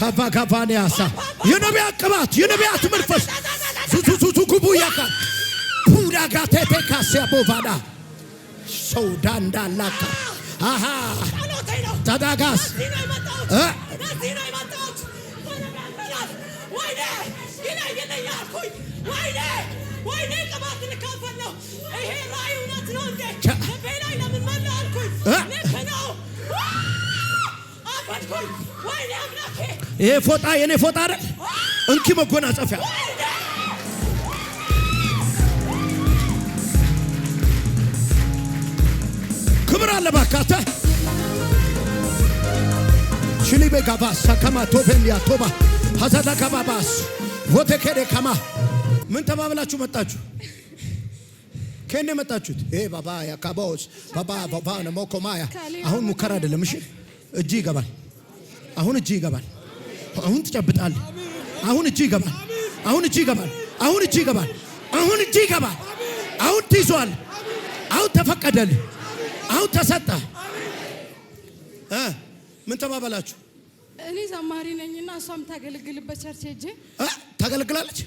ካባጋባንያሳ የነቢያት ቅባት የነቢያት መንፈስ ዙዙዙጉቡ ያካ ፑዳጋቴቴካሲያ ቦቫዳ ሰው ዳንዳላካ አሃ ተዳጋስ ይሄ ፎጣ የኔ ፎጣ አይደል? እንኪ መጎናጸፊያ ክብር አለ ባካተ ሽሊቤ ጋባሳ ከማ ቶፌንዲያ ቶባ ሀዛዳ ከባባስ ቮቴኬዴ ከማ ምን ተባብላችሁ መጣችሁ? ከእኔ መጣችሁት? ይሄ ባባ ያካባዎች ባባ ባባ ነሞኮማያ አሁን ሙከራ አይደለም። እሺ እጅ ይገባል። አሁን እጅ ይገባል። አሁን ትጨብጣል። አሁን እጅ ይገባል። አሁን እጅ ይገባል። አሁን እጅ ይገባል። አሁን እጅ ይገባል። አሁን ትይዟል። አሁን ተፈቀደል። አሁን ተሰጠ። ምን ተባባላችሁ? እኔ ዘማሪ ነኝና እሷም ታገለግልበት ቸርች ሄጄ ታገለግላለች።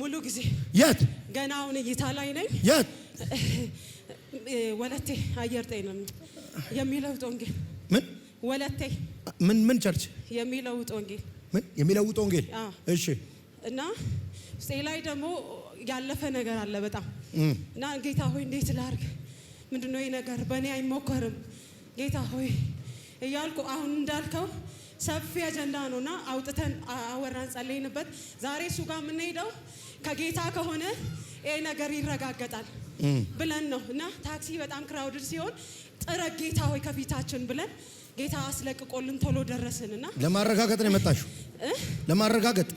ሙሉ ጊዜ የት? ገና አሁን እይታ ላይ ነኝ። የት? ወለቴ አየር ጤና የሚለው ወንጌል ምን ወለቴ ምን ምን ቸርች የሚለውጥ ወንጌል ምን የሚለውጥ ወንጌል። እሺ። እና ውስጤ ላይ ደግሞ ያለፈ ነገር አለ በጣም እና ጌታ ሆይ እንዴት ላርግ? ምንድነው ይህ ነገር በእኔ አይሞከርም ጌታ ሆይ እያልኩ አሁን እንዳልከው ሰፊ አጀንዳ ነው እና አውጥተን አወራን፣ ጸለይንበት። ዛሬ እሱ ጋር የምንሄደው ከጌታ ከሆነ ይህ ነገር ይረጋገጣል ብለን ነው እና ታክሲ በጣም ክራውድድ ሲሆን ጸረ ጌታ ሆይ ከፊታችን ብለን ጌታ አስለቅቆልን ቶሎ ደረስንና ለማረጋገጥ ነው የመጣሽው ለማረጋገጥ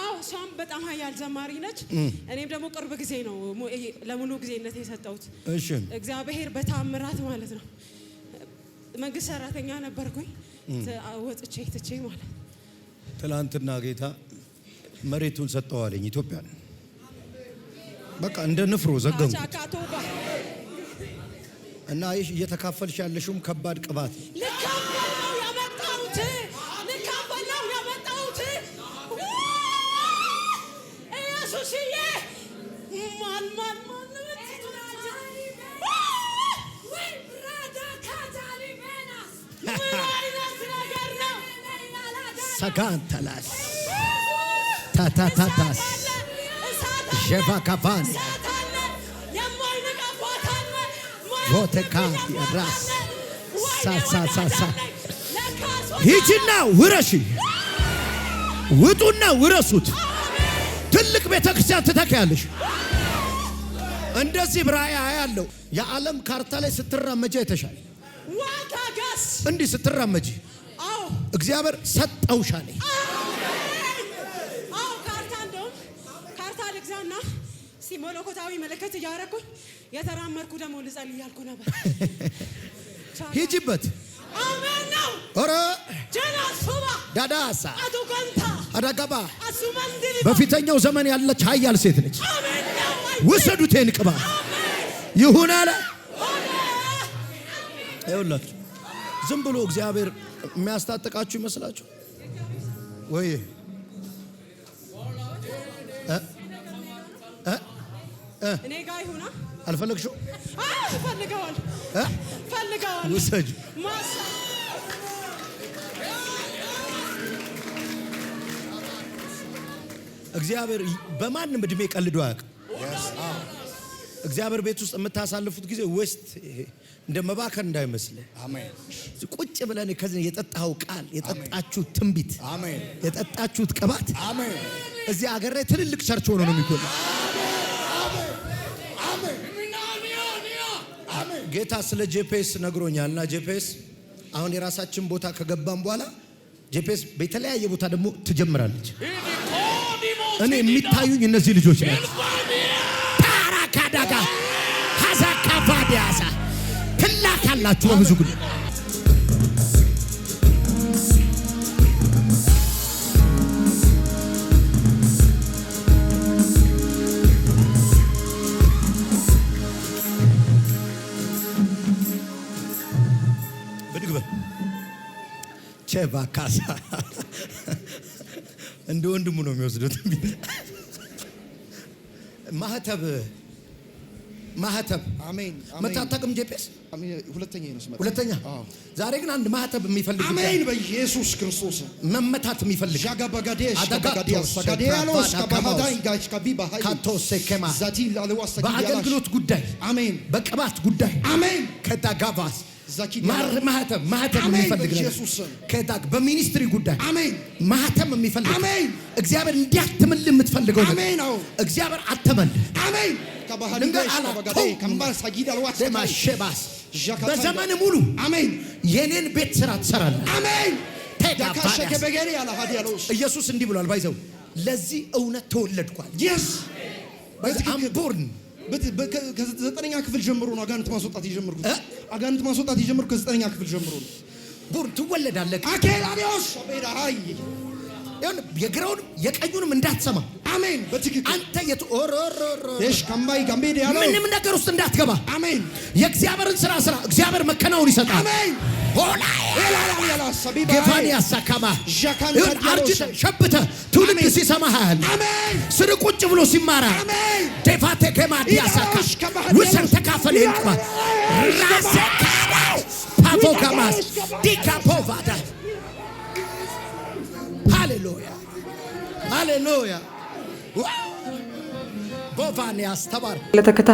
አዎ እሷም በጣም ሀያል ዘማሪ ነች። እኔም ደግሞ ቅርብ ጊዜ ነው ለሙሉ ጊዜነት የሰጠሁት። እግዚአብሔር በታምራት ማለት ነው። መንግስት ሰራተኛ ነበርኩኝ ወጥቼ ትቼ ማለት ትላንትና ጌታ መሬቱን ሰጠዋለኝ። ኢትዮጵያ በቃ እንደ ንፍሮ ዘገሙ እና ይህ እየተካፈልሽ ያለሽውም ከባድ ቅባት ሰጋንተላስ ታታታታስ ሸቫካቫን ቦቴካቲ ራስ ሳሳሳሳ ሂጂና ውረሺ። ውጡና ውረሱት። ትልቅ ቤተ ክርስቲያን ትተክያለሽ። እንደዚህ ብራያ ያለው የዓለም ካርታ ላይ ስትራመጂ አይተሻል። እንዲህ ስትራመጂ እግዚአብሔር ሰጠውሻ ካርታ እንደውም ካርታ ልግዛና ሲሞለኮታዊ መለከት እያረኩኝ የተራመድኩ ደግሞ ልጸልይ እያልኩ ነበር። ሂጂበት አሜን ዳዳሳ አዳጋባ በፊተኛው ዘመን ያለች ኃያል ሴት ነች። ውሰዱት ንቅባ ይሁን አለ ይሁላችሁ። ዝም ብሎ እግዚአብሔር የሚያስታጥቃችሁ ይመስላችሁ ወይ? እኔ ጋ ይሁና አልፈለግሽው? ፈልገዋል ውሰጅ እግዚአብሔር በማንም እድሜ ቀልዶ አያውቅም። እግዚአብሔር ቤት ውስጥ የምታሳልፉት ጊዜ ውስጥ እንደ መባከን እንዳይመስል ቁጭ ብለን ከዚህ የጠጣኸው ቃል የጠጣችሁት ትንቢት የጠጣችሁት ቅባት እዚህ አገር ላይ ትልልቅ ቸርች ሆኖ ነው የሚጎላ ጌታ ስለ ጄፒኤስ ነግሮኛል እና ጄፒኤስ አሁን የራሳችን ቦታ ከገባም በኋላ ጄፒኤስ በተለያየ ቦታ ደግሞ ትጀምራለች። እኔ የሚታዩኝ እነዚህ ልጆች ናቸው። ታራካዳጋ ሀዛካፋዲያሳ ትላካላችሁ በብዙ ጉዳይ ቼቫ ካሳ እንደ ወንድሙ ነው የሚወስዱት። ማህተብ ማህተብ መታጠቅም ጄፒስ ሁለተኛ ዛሬ ግን አንድ ማህተብ የሚፈልግ አሜን፣ በኢየሱስ ክርስቶስ መመታት የሚፈልግ በአገልግሎት ጉዳይ፣ በቅባት ጉዳይ ከዳጋቫስ ማህተም ማህተም የሚፈልግ ከዳግ በሚኒስትሪ ጉዳይ ማህተም የሚፈልግ እግዚአብሔር እንዲያትምልህ የምትፈልገው እግዚአብሔር አተመልህ። በዘመን ሙሉ የኔን ቤት ስራ ትሰራለህ። ኢየሱስ እንዲህ ብሏል። ባይዘው ለዚህ እውነት ተወለድኳል። ከዘጠነኛ ክፍል ጀምሮ ነው አጋንንት ማስወጣት የጀመርኩት። አጋንንት ማስወጣት የጀመርኩት ከዘጠነኛ ክፍል ጀምሮ ነው። ቡር ትወለዳለህ። አኬላኔዎስ አይ የግራውንም የቀኙንም እንዳትሰማ። አሜን። በትክክል አንተ ምንም ነገር ውስጥ እንዳትገባ። አሜን። የእግዚአብሔርን ስራ ስራ። እግዚአብሔር መከናወን ይሰጣል። አሜን። ጌታን ያሳካማል። አርጅተ ሸብተ ትውልድ ሲሰማሃል፣ ስር ቁጭ ብሎ ሲማራ ዴፋቴ ከማድ ያሳካ ውሰን ተካፈል ይንቅባ ራሴ ፓፎ ዲካፖቫዳ ሃሌሉያ ሃሌሉያ ቦቫን ያስተባር ለተከታ